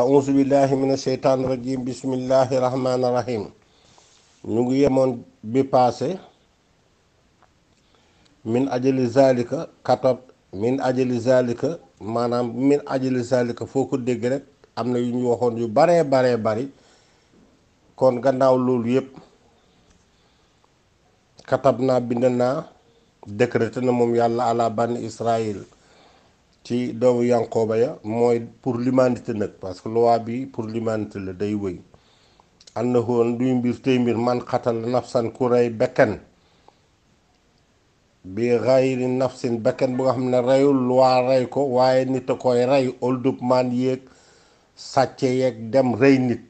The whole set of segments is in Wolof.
auzu billahi mina sheytaani rajim bismillahi rahmaani rahim ñu ngi yemoon bi passé min ajali zalika katab min ajali zalika maanaam min ajali zalika foo ko dégg rek am na yu ñu waxoon yu baree baree bari kon gannaaw loolu yépp katab naa bind naa décrété na moom yàlla ala bani israil ci doomu yankooba ya mooy pour l'humanité nag parce que loi bi pour l'humanité la day wëy ànd na xoon mbir tey mbir man xatal nafsan ku rey bekken bi xayri nafsin bekken bu nga xam ne reyul loi rey ko waaye nit a koy rey oldub man yéeg sàcce yeeg dem rey nit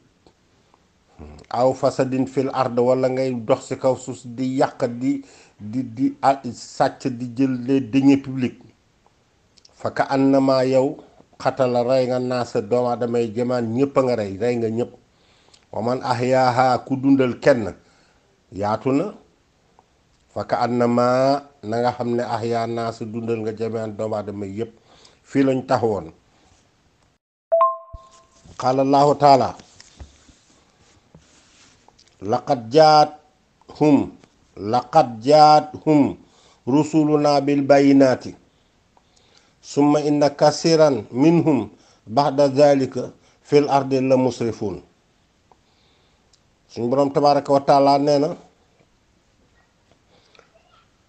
aw fasadin fil ard wala ngay dox ci kaw suuf di yàq di di di sàcc di jël les deniers publics fa ka annama yow xatala rey nga naasa doomu aadama yi jëmaan ñëpp nga rey rey nga ñëpp wa man ahyaaha ku dundal kenn yaatu na fa ka annama na nga xam ne ahyaa naasa dundal nga jëmaan doomu aadama yi fii lañ taxawoon qaala allahu taala laqad jaat hum laqad jaat hum rusuluna bil bayinaati summa inna kasiran minhum baxda dalika fil ardi la musrifun suñ boroom tabaraka wa nee na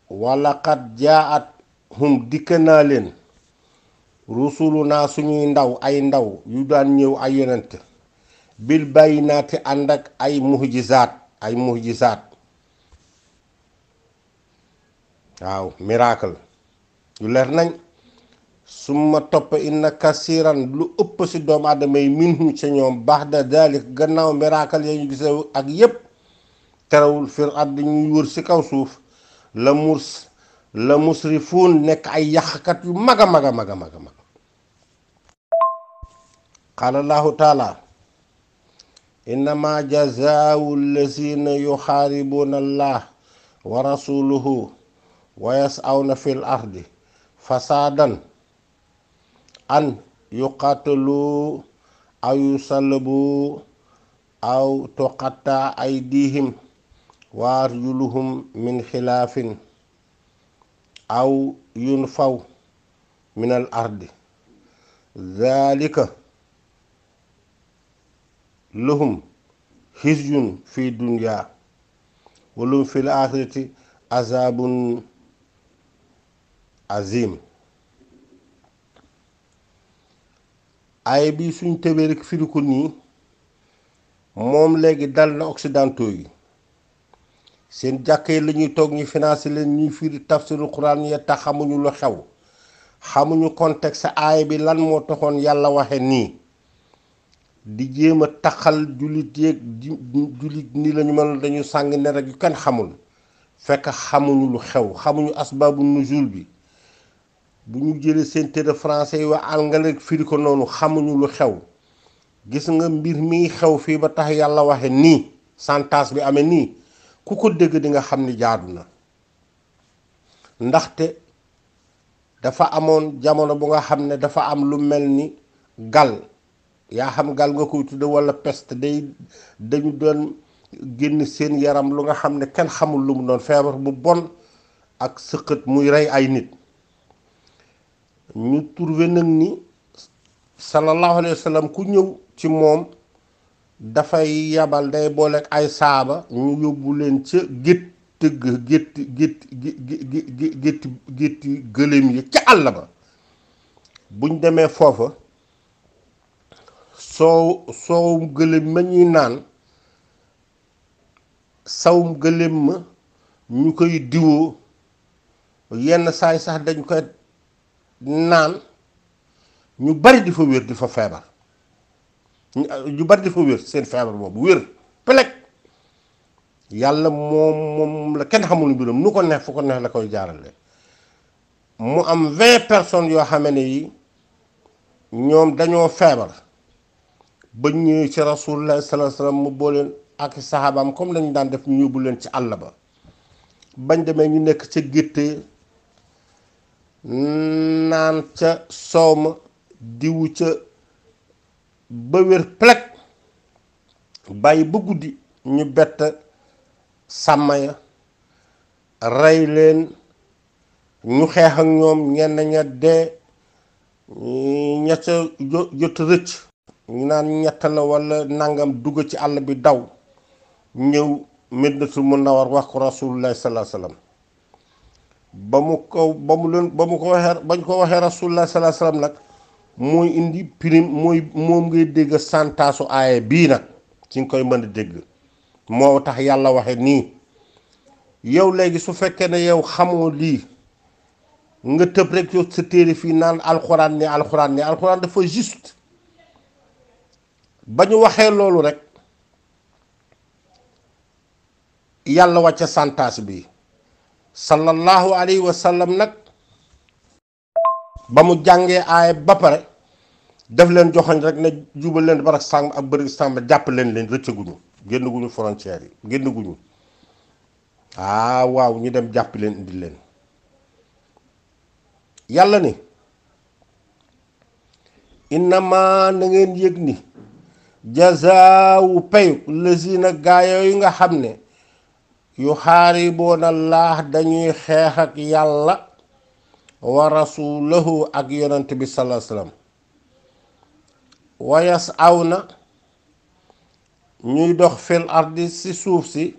walaqad jaat hum dikk naa leen rusulu naa suñuy ndaw ay ndaw yu daan ñëw ay yonent bil bàyyi naati ànd ak ay muhjizaat ay muhjizaat waaw miracle yu leer nañ suma topp inna kasiran lu ëpp ci doom aadama yi minhum ca ñoom baax da daalik gannaaw miraakal ya ñu ak yépp terewul fir at dañuy wër si kaw suuf la murs la musrifuun nekk ay yàqkat yu mag a mag a mag a mag a mag qaala allahu taala innama jazaau allazina yuxaaribuuna allah wa rasuluhu wa yasawna fi ardi fasaadan أن يقاتلوا أو يصلبوا أو تقطع أيديهم وأرجلهم من خلاف أو ينفوا من الأرض ذلك لهم خزي في الدنيا ولهم في الآخرة عذاب عظيم aay bi suñ tëbee rek firi ko nii moom léegi dal na occidentaux yi seen jàkkee la ñuy toog ñu financé leen ñuy firi tafsirul quran ya tax xamuñu lu xew xamuñu contexte aay bi lan moo toxoon yàlla waxe nii di jéem a taxal jullit yeeg jullit nii lañu mel dañu sàng ne rek yu kenn xamul fekk xamuñu lu xew xamuñu asbaabu nuzul bi bu ñu jëlee seen téere français yi waxal nga ne firi ko noonu xamuñu lu xew gis nga mbir mi xew fii ba tax yàlla waxe nii santaas bi amee nii ku ko dégg di nga xam ni jaadu na ndaxte dafa amoon jamono bu nga xam ne dafa am lu mel ni gal yaa xam gal nga koy tudde walla peste day dañu doon génn seen yaram lu nga xam ne kenn xamul lu mu doon feebar bu bon ak sëqët muy rey ay nit ñu trouvé nag ni sallallahu alayhi wa ku ñëw ci moom dafay yabal day booleek ay saaba ñu yóbbu leen ca gétt gétt gétt gétt gétt gëléem yi ca àll ba buñ demee foofa soow soowum gëléem ma ñuy naan sawum gëléem ma ñu koy diwoo yenn saay sax dañ koy naan ñu bari di fa wér di fa feebar ñu bari di fa wér seen feebar boobu wér pelek yàlla moom moom la kenn xamul mbiram nu ko neex fu ko neex la koy jaarale mu am vingt personnes yoo xamee ne yi ñoom dañoo feebar ba ñëwee ci rasulullah sallallahu alayhi wasallam mu booleen ak saxaabaam comme lañu daan def ñu yóbbu leen ci àll ba bañ demee ñu nekk ca géttee naan ca soow ma diwu ca ba wér plek bàyyi ba guddi ñu bett sàmm ya rey leen ñu xeex ak ñoom ñenn ña dee ña ca jot rëcc ñu naan ñett la wala nangam dugg ci àll bi daw ñëw na war wax ko rasulullah sallallahu alayhi ba mu ko ba mu leen ba mu ko waxee bañ ko waxee rasulullah sallallahu nag mooy indi prime mooy moom ngay dégg santaasu aaya bii nag ci nga koy mën a dégg moo tax yàlla waxee nii yow léegi su fekkee ne yow xamoo lii nga tëb rek yow sa téere fii naan alxuraan ni alxuraan ni alxuraan dafa juste ba ñu waxee loolu rek yàlla wàcce santaas bii sallallahu alayhi wa sallam nag ba mu jàngee aaya ba pare def leen joxoñ rek ne jubal leen barak sàmm ak bëri sàmm jàpp leen leen rëccaguñu génn guñu frontière yi génn guñu ah, waaw ñu dem jàpp leen indi leen yàlla ni innama na ngeen yëg ni jazaawu payu lazina gaa yooyu nga xam ne yu yuxaariboona allah dañuy xeex ak yàlla wa rasulahu ak yonent bi salaa salaam aw na ñuy dox fil ardi ci suuf si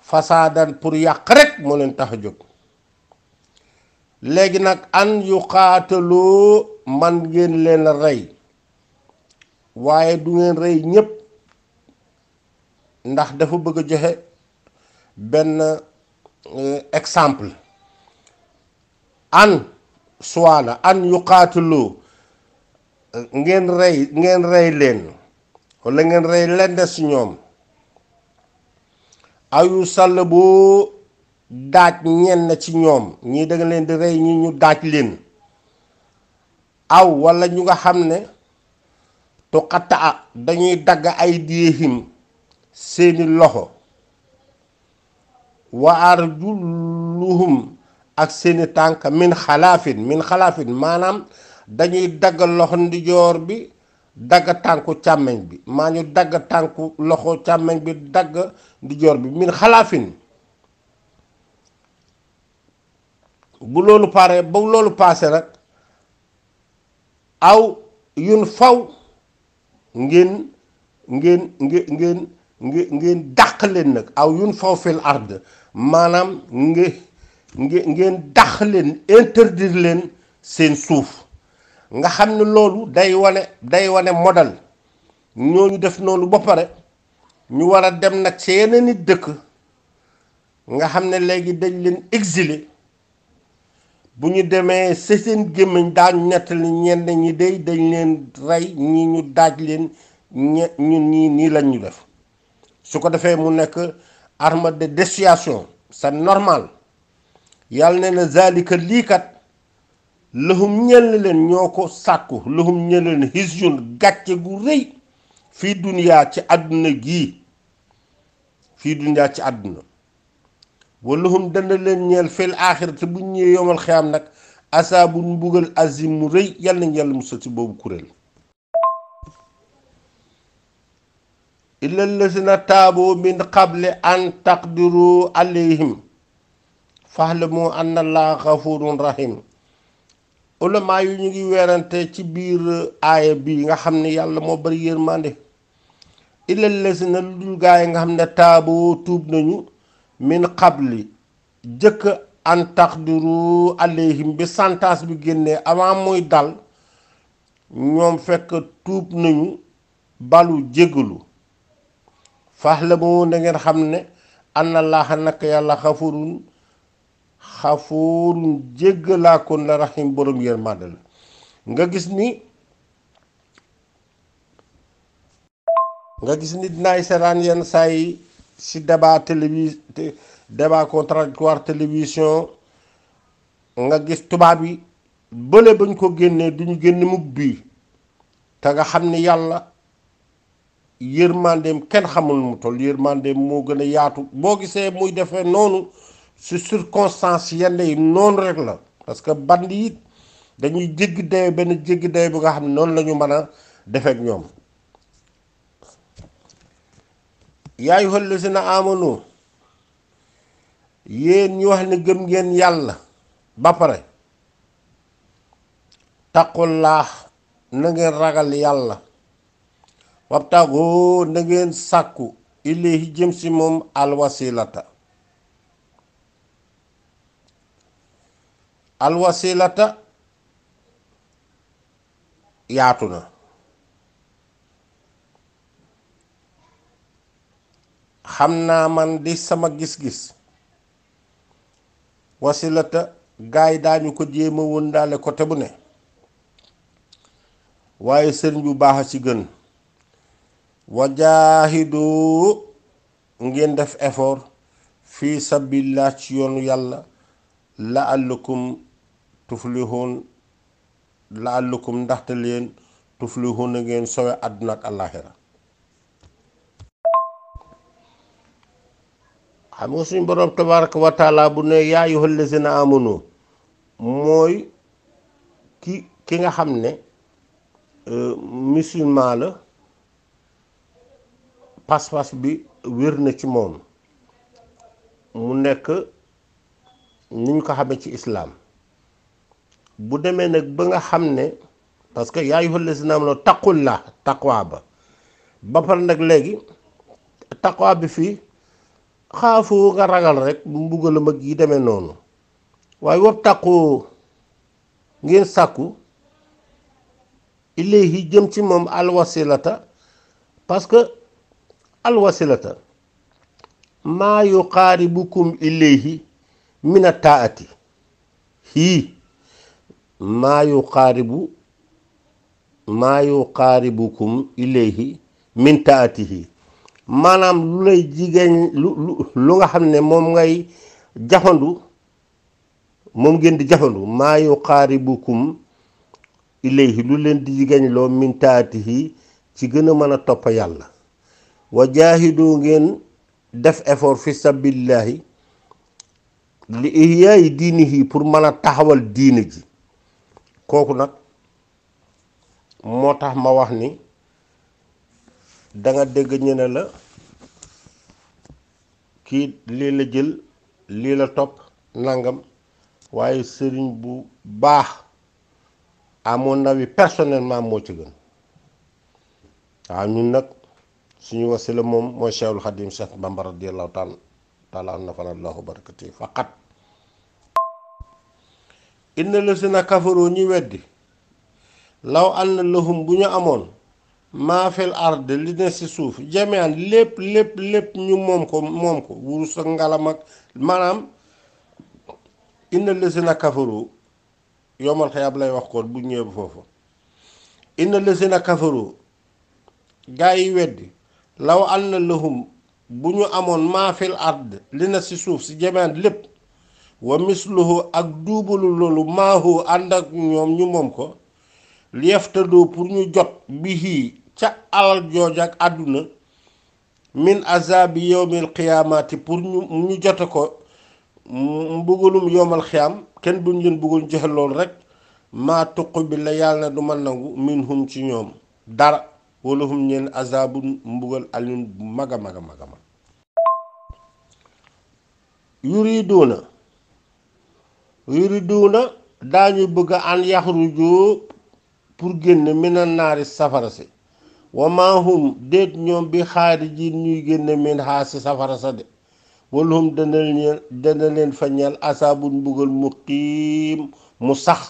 fasaadan pour yàq rekk moo leen tax a jóg léegi nag an yuqaataloo man ngeen leen rey waaye du ngeen rey ñépp ndax dafa bëgg a joxe benn euh, exemple an suwaana an yuqaatilu euh, ngeen rey ngeen rey leen wala ngeen rey lend de si ñoom ayu sàll boo daaj ñenn ci ñoom ñii da leen di rey ñi ñu daaj leen aw wala ñu nga xam ne tuqataa dañuy dagg ay diihim seeni loxo wa arjuluhum ak seeni tànk min xalaafin min xalaafin maanaam dañuy dagg loxo ndijoor bi dagg tànku càmmeñ bi maa ñu dagg tànku loxo càmmeñ bi dagg ndijoor bi min xalaafin bu loolu paree ba loolu paase nag aw yun faw ngeen ngeen ngeen ngeen ngeen dàq leen nag aw yun faw fil ard maanaam nge nge ngeen dax leen interdire leen seen suuf nga xam ne loolu day wane day wane ñoo ñu def noonu ba pare ñu war a dem nag ci yeneen i dëkk nga xam ne léegi dañ leen exile bu ñu demee sa seen gémmiñ daañu nettali ñenn ñi day dañ leen rey ñi ñu daaj leen ñi ñun ñii nii lañ ñu def su ko defee mu nekk arme de dissuasion c'est normal yàlla ne na zalika li kat lahum ñel leen ñoko sàkku lahum ñel leen hisjun gàcce gu reuy fi dunya ci aduna gi fi dunya ci aduna walahum dan leen ñel fil akhirati bu ñu ñëwee yomal xiyaam nag asaabu mbugal azim reuy rëy yàlla ñel yàlla musal ci boobu kuréel illa taaboo taabu min qabli an taqdiru alayhim fahlamu anna allaha ghafurun rahim ulama yu ñu ngi weerante ci biir aaya bi nga xam ne yàlla moo bari yërmande illa lazina lu dul gaa yi nga xam ne taabu tuub nañu min xabli jëkk an taqdiru alayhim bi sentence bi génnee avant muy dal ñoom fekk tuub nañu balu jéggalu fahlamu na ngeen xam ne anna allaha nak yàlla xafurun xafurun jéggalaakoon la rahim borom yërmande la nga gis ni nga gis ni dinaay seetaan yenn saa yi si débat télévis débat contradictoire télévision nga gis tubaab yi bële bañ ko génnee duñu génn mukk bii te nga xam ni yàlla yërmandeem kenn xamul mu toll yërmandeem moo gën a yaatu boo gisee muy defee noonu si circonstance yenn yi noonu rek la parce que band yi dañuy jéggi dayo benn jéggi dayo bi nga xam ne noonu la ñu mën a defeek ñoom yaa ayyuhal lazina amanu yéen ñu wax ne gëm ngeen yàlla ba pare taqullah na ngeen ragal yàlla wabtagu na ngeen sàkku ilayhi jëm ci moom alwasilata alwasilata yaatu na xam naa man di sama gis-gis wasilata gaay daañu ko jéema woon daale côté bu ne waaye sëriñ bu baax a ci gën wajaahidu ngeen def effort fii sabilillah ci yoon yàlla la'allakum tuflihun la'allakum ndaxte leen tuflihun a ngeen sowe àdduna ak àllaaxira xam nga suñ boroom tabaraka wa bu ne yaa ayyuhal lazina amanu mooy ki ki nga xam ne euh, musulman la pas-pas bi wér na ci moom mu nekk ni ñu ko xamee ci islaam bu demee nag ba nga xam ne parce que yaa ayyuhal lazina amanu taqullah taqwa ba ba pare nag léegi taqwa bi fii xaafu nga ragal rek mbugal mag yi demee noonu waaye wopp taqu ngeen sàkku ilayhi jëm ci moom alwasilata parce alwasilata maa yuqaaribukum ilayhi min minataati taati hii maa yuqaaribu maa yuqaaribukum ilayhi min taatihi maanaam lu lay jigéen lu lu nga xam ne moom ngay jafandu moom ngeen di jafandu maa yuqaaribukum ilayhi lu leen di jigéen loo min taatihi ci gën a mën a topp yàlla wa jaahidu ngeen def effort fi sabilillahi li ihyaayi diinihi pour mën a taxawal diine ji kooku nag moo tax ma wax ni danga dégg ñu la kii lii la jël lii la topp nangam waaye sëriñ bu baax à nawi avis personnellement moo ci gën waaw ñun nag suñu wasila moom mooy Cheikhul Xadim Cheikh Bamba radiyallahu taala taala an nafana allahu barakati faqat inna lasina kafaru ñi weddi law anna lahum bu ñu amoon maa fil ard li ne si suuf jamian lépp lépp lépp ñu moom ko moom ko wurus ak ngalam ak maanaam inna lasina kafaru yomal xëyab lay wax koon bu ñëwee foofu inna lasina kafaru gaa yi weddi law anna lahum bu ñu amoon maafil ard li na ci suuf ci jemeen lépp wa misluhu ak duubalu loolu maahu ànd ak ñoom ñu moom ko liyaftadoo pour ñu jot bihi ca alal jooj ak àdduna min azabi yowmil xiyaamaati pour ñu ñu jote ko mbugalum yowmal xiyaam kenn duñ leen bëggul joxe loolu rek maa tuq bi la yàlla na du ma nangu minhum ci ñoom dara walahum ñeen azabu mbugal alim bu mag a mag a mag a mag yuriduuna yuriduuna daañu bëgg an yaxruju pour génn mina naari safara si wa déet ñoom bi xaariji ñuy génn min xaa si safara sa de walahum dana leen dana leen fa ñeel asabu mbugal mu xiim mu sax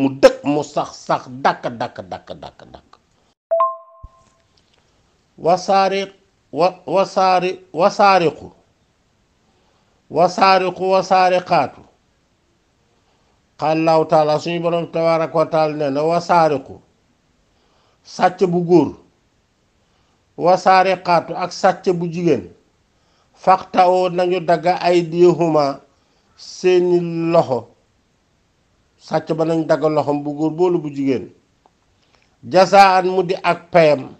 mu dëkk mu sax sax dàkk dàkk dàkk dàkk wasaariq wa wasaari wasaariqu wasaariqu wasaariqaatu xàllaaw taala suñu borom tabaaraka wa taala nee na wasaariqu sàcc bu góor wasaariqaatu ak sàcc bu jigéen faxtawoo nañu dagg ay diihuma seeni loxo sàcc ba nañu dagga loxom bu góor boolu bu jigéen jasaan mu di ak payam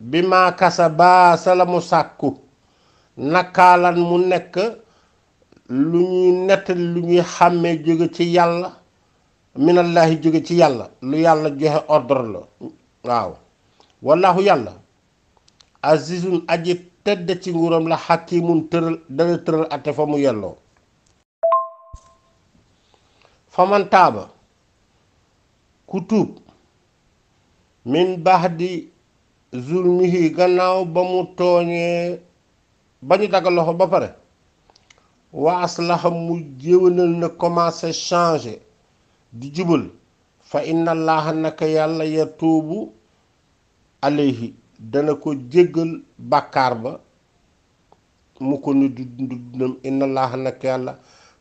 bi kasa baa sa la mu sàkku nakaalan mu nekk lu ñuy nettali lu ñuy xàmmee jóge ci yàlla minallahi jóge ci yàlla lu yàlla joxe ordre la waaw wallaahu yàlla azizun aji tëdd ci nguuram la xakimun tëral dana tëral atte fa mu yelloo famantaaba ku tuub min baax di zulmihi gannaaw ba mu tooñee ba ñu dagg loxo ba pare wa aslaha mu jéwénal na commencé changé di jubal fa inna allaha naka yàlla yatuubu alayhi dana ko jéggal bàkkaar ba mu ko ni du dundam inna allaha naka yàlla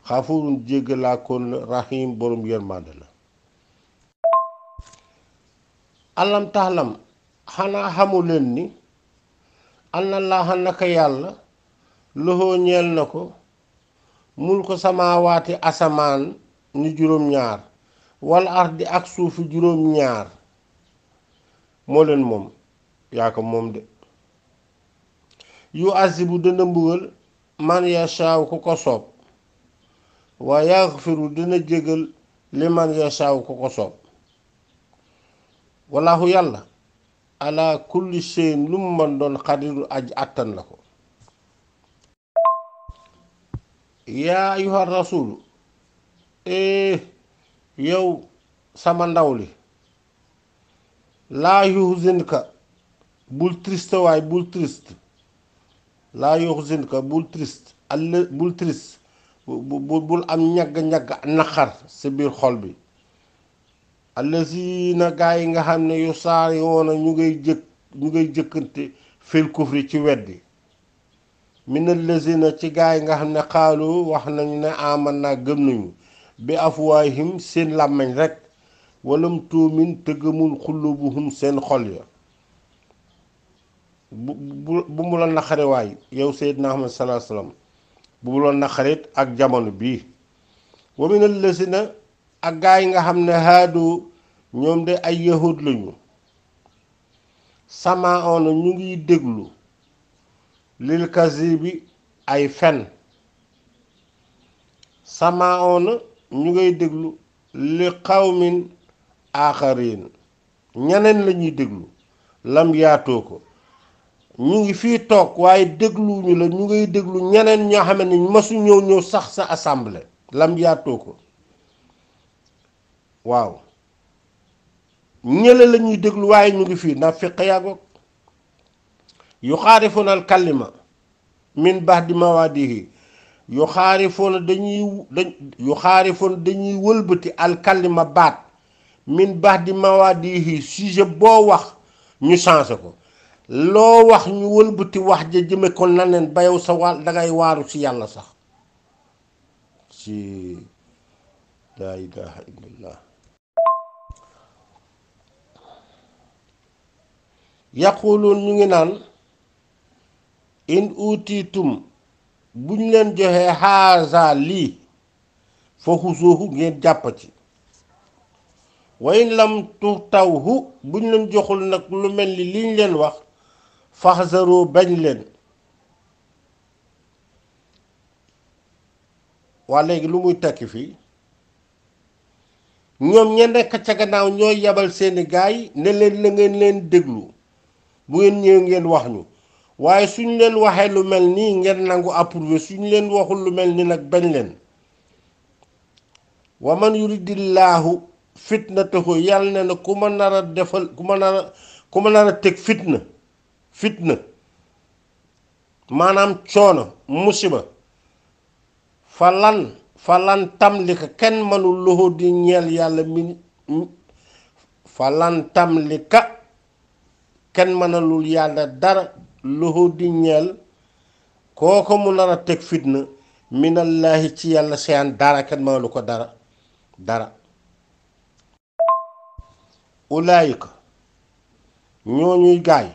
xaafurun jéggalaa kon rahim borom yërmande la xanaa xamu leen ni annallaaha naka yàlla loxoo ñeel na ko mul ko sama samaawaati asamaan ni juróom-ñaar wala ardi ak suufu juróom-ñaar moo leen moom yaa ko moom de yu azibu dana mbugal man yashaaw ku ko soob waa yaxfiru dana jégal li man yashaaw ku ko soob walaahu yàlla ala kulli shay'in lu mu mën doon xadiru aj àttan la ko yaa ayuha rasulu eh, yow sama ndaw li laa yuxzinka bul triste waay bul triste laa yuxzinka bul bul triste bul am ñagg-ñagg naqar si biir xol bi na gaa yi nga xam ne yu saar yoona ñu ngay jëkk ñu ngay jëkkante fil kufri ci weddi min allazina ci gaa yi nga xam ne xaalu wax nañu ne aman naa gëm nañu bi afwaahim seen làmmiñ rekk walam tuumin te gëmul xulubuhum seen xol ya bu bu mu la naqare waay yow seydina ahmad salaa salaam mu la naqarit ak jamono bii ak gaa yi nga xam ne haadu ñoom de ay yahud lañu sama ñu ngi déglu lil kasi bi ay fen sama ñu ngay déglu li xawmin aaxarin ñeneen la ñuy déglu lam ko ñu ngi fii toog waaye dégluwuñu la ñu ngay déglu ñeneen ñoo xam ne masu ñëw ñëw sax sa assemblée lam ko waaw ñële la ñuy déglu waaye ñu ngi fii ndax fiq yàggoog yu xaarifuuna al kalima min ba'di mawaadihi yu xaarifuuna dañuy wëlbati al kalima baat min ba'di mawaadihi sujet boo wax ñu changé ko loo wax ñu wëlbati wax ja jëme ko laneen ba sa wàll dangay waaru ci yàlla sax ci laa ilaaha illallah yaquluun ñu ngi naan in utiitum buñ leen joxee xaaza lii fa xusuuhu ngeen jàpp ci wa in lam tutawhu buñ leen joxul nag lu mel ni liñ leen wax faxzaroo bañ leen waa léegi lu muy tekki fii ñoom ña nekk ca gannaaw ñooy yabal seeni gaay ne leen la ngeen leen déglu bu ngeen ñëwee ngeen wax ñu waaye suñ leen waxee lu mel nii ngeen nangu approuvé suñ leen waxul lu mel ni nag bañ leen wa man yuridillaahu fitnatahu yàlla ne na ku ma nar defal ku ma nar ku ma nar a teg fitna fitna maanaam coono musiba falan falan tamlika kenn mënul loxo di ñeel yàlla min falan tamlika kenn mënalul yàlla dara loxo di ñeel kooko mu nar a teg fitna minallaahi ci yàlla seyaan dara kenn mënalu ko dara dara ulaayika ñooñuy gaay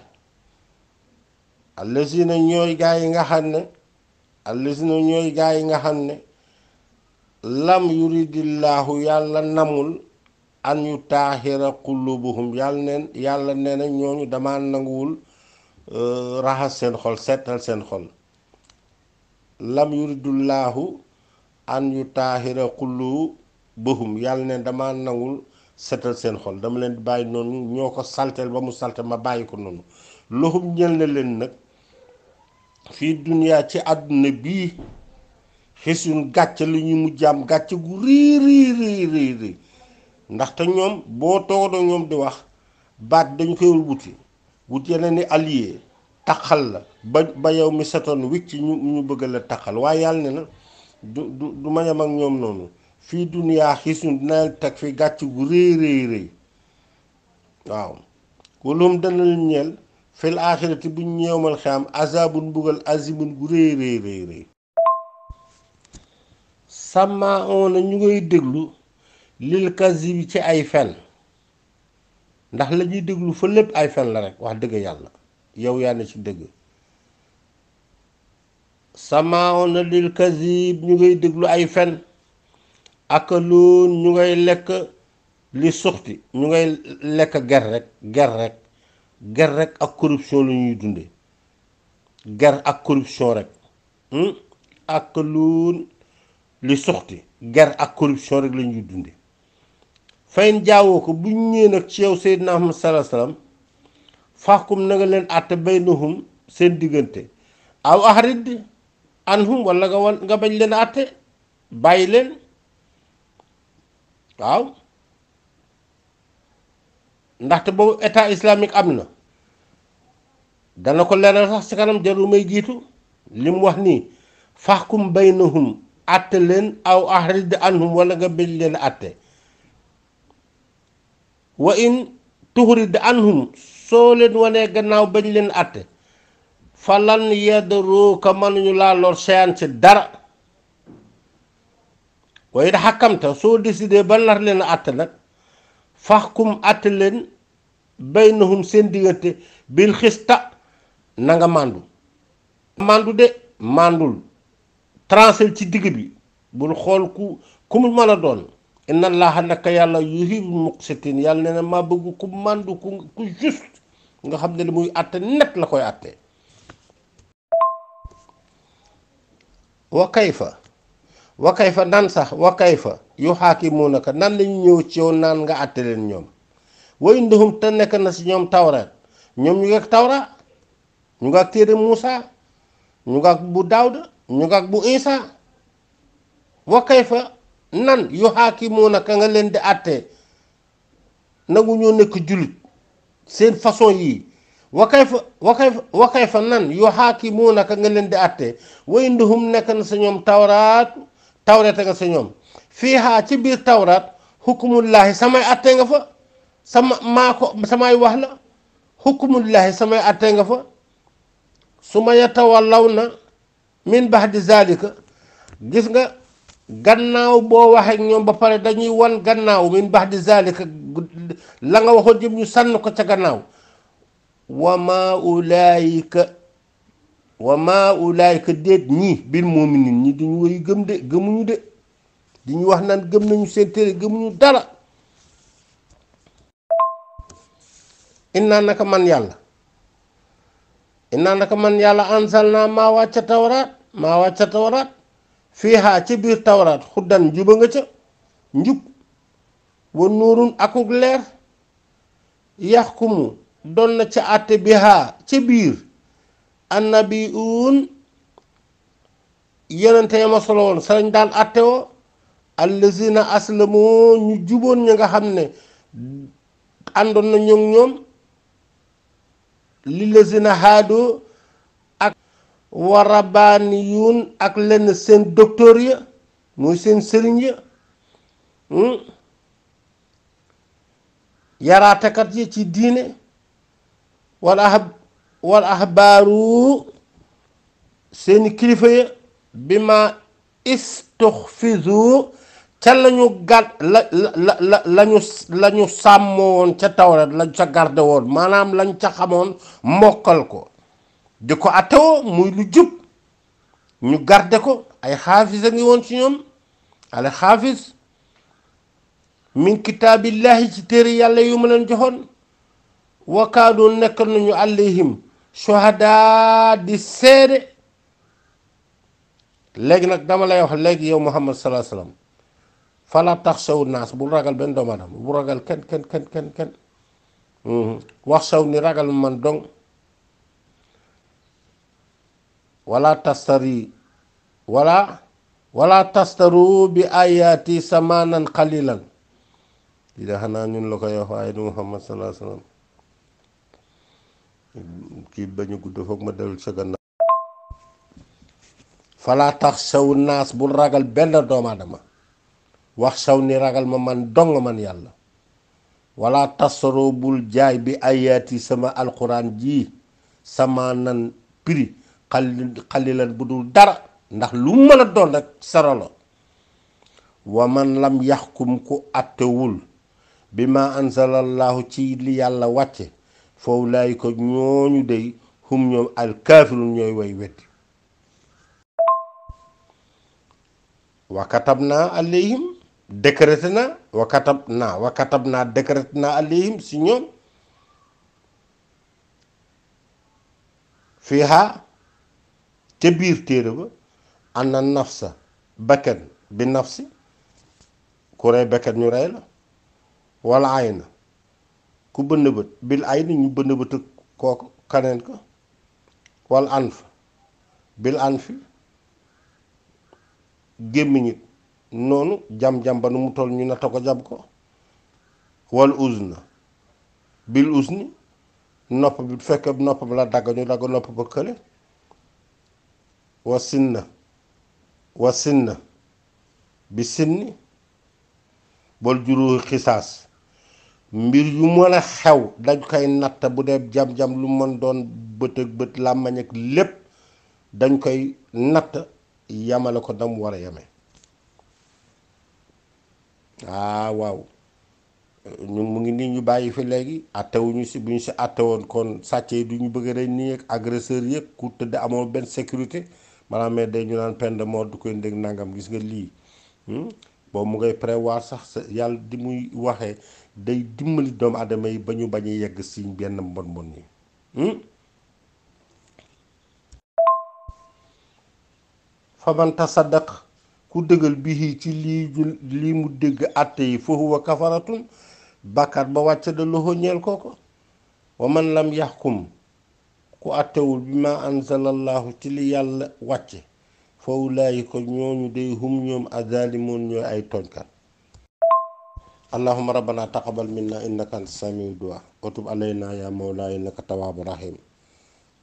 allazina ñooy gaay yi nga xam ne allazina ñooy gaay yi nga xam ne lam yuridillaahu yàlla namul an yu taahira qulubuhum yàlla neen yàlla nee na ñooñu dama nanguwul euh, raxas seen xol seetal seen xol lam yu yuridullaahu an yu taahira qulubuhum yàlla neen dama nangul seetal seen xol dama leen bàyyi noonu ñoo ko salteel ba mu salte ma bàyyi ko noonu loxum ñël na leen nag fii duniyaa ci àdduna bii xis yu gàcce li ñu mujjaam gàcce gu rii ndaxte ñoom boo toogandoo ñoom di wax baat dañu koy wuti wut yeneen i allié taxal la ba ba yow mi setoon wicc ñu ñu bëgg la taxal waaye yàlla ne na du du du ma yem ak ñoom noonu fii duniyaa xiis ñu dina leen teg fi gàcc gu rëy rëy rëy waaw walum dana leen ñeel buñ ñeewmal xam azabun bugal azimun ñu ngay déglu lil kazibi ci ay fen ndax la ñuy déglu fa lépp ay fen la rek wax dëgg yàlla yow yaa ne ci dëgg samaona lil kazib ñu ngay déglu ay fen akaluun ñu ngay lekk li suxti ñu ngay lekk ger rek ger rek ger rek ak corruption la ñuy dunde ger ak corruption rek hmm? akaluun li suxti ger ak corruption rek la ñuy dunde fayin jaawoo ko buñ ñëwee nag ci yow Seydina Muhammad sallallahu alayhi wasallam faxkum leen àtte baynahum seen diggante aw ahrid anhum wala nga wan nga bañ leen àtte bàyyi leen waaw ndaxte boobu état islamique am na dana ko leeral sax ci kanam jarul may jiitu li wax nii faxkum baynahum àtte leen aw ahrid anhum wala nga bañ leen àtte wa in tuxrid anhum soo leen wanee gannaaw bañ leen atte falan yadruuka mënuñu laa lor seyaan ci dara wa it xakkamta soo décidé ba nar leen a atte nag faxkum atte leen baynahum seen diggante bil xista nanga nga màndu màndu de màndul tranchel ci digg bi bul xool ku ku mu mën a doon inna allaha naka yalla yuhibbul muqsitin yalla ne ma bëgg ku mandu ku ku juste nga xam ne li muy àtte net la koy àtte wa kayfa wa kayfa nan sax wa kayfa yu nan lañu ñëw ci yow naan nga àtte leen ñoom way indahum te nekk na si ñoom tawra ñoom ñu ngi ak tawra ñu ngi ak téere Muusa ñu bu Daawda ñu bu Isa wa kayfa nan yu xaakimuuna ka nga leen di àttee nangu ñoo nekk jullit seen façon yii wakay fa wakay fa nan yu xaakimuuna ka nga leen di àttee wa indahum nekk na sa ñoom tawraat tawreet nga sa ñoom fii xaa ci biir tawraat hukumullaahi samay àttee nga fa sama maa ko samay wax la hukumullaahi samay àttee nga fa su ma yatawallaw na min ba'di zaalika gis nga gannaaw boo waxee ñoom ba pare dañuy wan gannaaw min bax di zalika la nga waxoon jëm ñu sànn ko ca gannaaw wa ma ulaayika wa ma ulaayika déet ñii bil mu'minin ñi duñu woy gëm de gëmuñu de di ñu wax naan gëm nañu seen téere gëmuñu dara naa naka man yàlla innaa naka man yàlla ansal naa maa wàcca tawraat maa wàcca tawraat fiihaa ca biir tawraat xuddan juba nga ca njub wa nuurun akuk leer yaxkumu doon na ca àtte bihaa ca biir annabiyuun yonente ya ma solo woon sa lañ daan àtte woo allazina aslamoo ñu juboon ñi nga xam ne àndoon na ñoom ñoom lillazina haadoo wa rabbaaniyuun ak lenn seen docteur ya muy seen sëriñ ya hmm? yaraatekat yi ci diine wal ahab wal ahbaaru seeni kilifa ya bi ma istuxfizu ca lañu gàdd la la la lañu lañu sàmmoon ca tawrat lañ ca garde woon maanaam lañ ca xamoon mokkal ko diko ko muy lu jub ñu garder ko ay hafiz a ngi won ci ñom ale hafiz min kitabillah ci téere yàlla yu mu len joxon wa kadu nek nañu alayhim shuhada di sede leg nak dama lay wax leg yow muhammad sallallahu alayhi wasallam fala taxaw nas bu ragal ben doomu aadama bul ragal ken ken ken ken kenn wax saw ni ragal man dong wala tastari wala wala tastaru bi ayati samanan qalilan tidak xanaa ñun la koy wax waaye du muhammad salaa salaam kii bañu gudd foog ma dellu sa gannaaw fala tax saw naas bul ragal benn doomu adama wax saw ni ragal ma man dong man yàlla ya wala tasaro bul jaay bi ayati sama alquran ji samanan prix xalilan budul dara ndax lu mën a doon rek saralo wa man lam yaxkum ku attewul bi ma anzalallahu ci li yàlla wàcce foofu laay ko ñooñu dey hum ñoom al kafirun ñooy way weddi wa katab naa alayhim décrété na wa katab naa wa katab naa décrété naa alayhim si ñoom fiha ca biir téere ba ana nafsa bakkan bi si ku rey bakkan ñu rey la wala ay na ku bënn bët bil ay na ñu bënn bët kooku kaneen ko wala anf bil anfi gémmiñ noonu jam-jam ba nu mu toll ñu natta ko jam ko wal uzna bil uzni nopp bi bu nopp bi la dagg ñu dagg nopp ba kële wasin na wasin na bi sinni bol juróoxi xisaas mbir yu mën a xew dañ koy natt bu dee jam-jam lu mën doon bët ak bët làmmañ ak lépp dañ koy natt yamale ko dam war a yame ah, waaw ñu mu ngi nii ñu bàyyi fi léegi attewuñu si bu ñu si attewoon kon sàccee du ñu bëgg rey nii ak agresseur yëpp ku tëdd amoo benn sécurité balaa mais day ñu naan peine moo mort du koy dégg nangam gis nga lii hmm? boobu mu ngay prévoir sax sa yàlla di muy waxee day dimbali doomu aadama yi ba ñu bañ a yegg si genn mbon mbon yi hmm? faman tasaddaq ku dëggal bii ci lii lii mu dégg àtte yi fa huwa bàkkaat ba wàcc da loxo ñeel kooko wa man lam yaxkum ko attewul bima anzalallahu ci li yàlla wàcce fa ulaayi ko ñooñu day hum ñoom azalimoon ñooy ay tooñkat اللهم ربنا تقبل منا انك انت السميع الدعاء وتب علينا يا مولاي انك تواب رحيم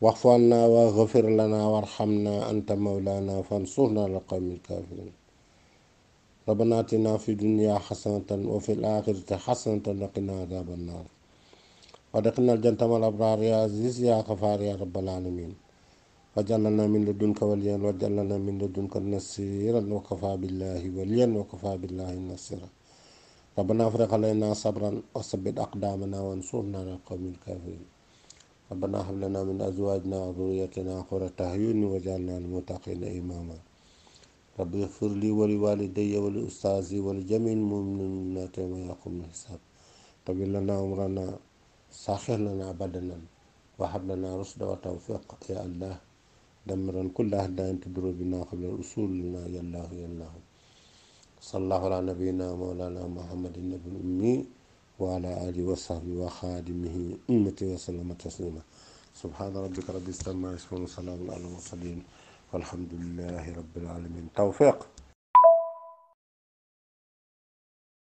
واغفر لنا واغفر لنا وارحمنا انت مولانا فانصرنا القوم الكافرين ربنا اتنا في الدنيا حسنه وفي الاخره حسنه وقنا عذاب النار وادخلنا الجنة مع الأبرار يا عزيز يا غفار يا رب العالمين وجعلنا من لدنك وليا وجعلنا من لدنك نصيرا وكفى بالله وليا وكفى بالله نصيرا ربنا افرغ علينا صبرا وثبت أقدامنا وانصرنا على القوم الكافرين ربنا هب لنا من أزواجنا وذريتنا قرة أعين واجعلنا للمتقين إماما رب اغفر لي ولوالدي ولأستاذي ولجميع المؤمنين يوم يقوم الحساب طب لنا عمرنا ساخر لنا بدنا وهب لنا رشد وتوفيق يا الله دمرا كل أهداء تدور بنا قبل الأصول لنا يا الله يا الله صلى الله على نبينا مولانا محمد النبي الأمي وعلى آله وصحبه وخادمه أمتي وسلم تسليما سبحان ربك رب السماء والسلام على المرسلين والحمد لله رب العالمين توفيق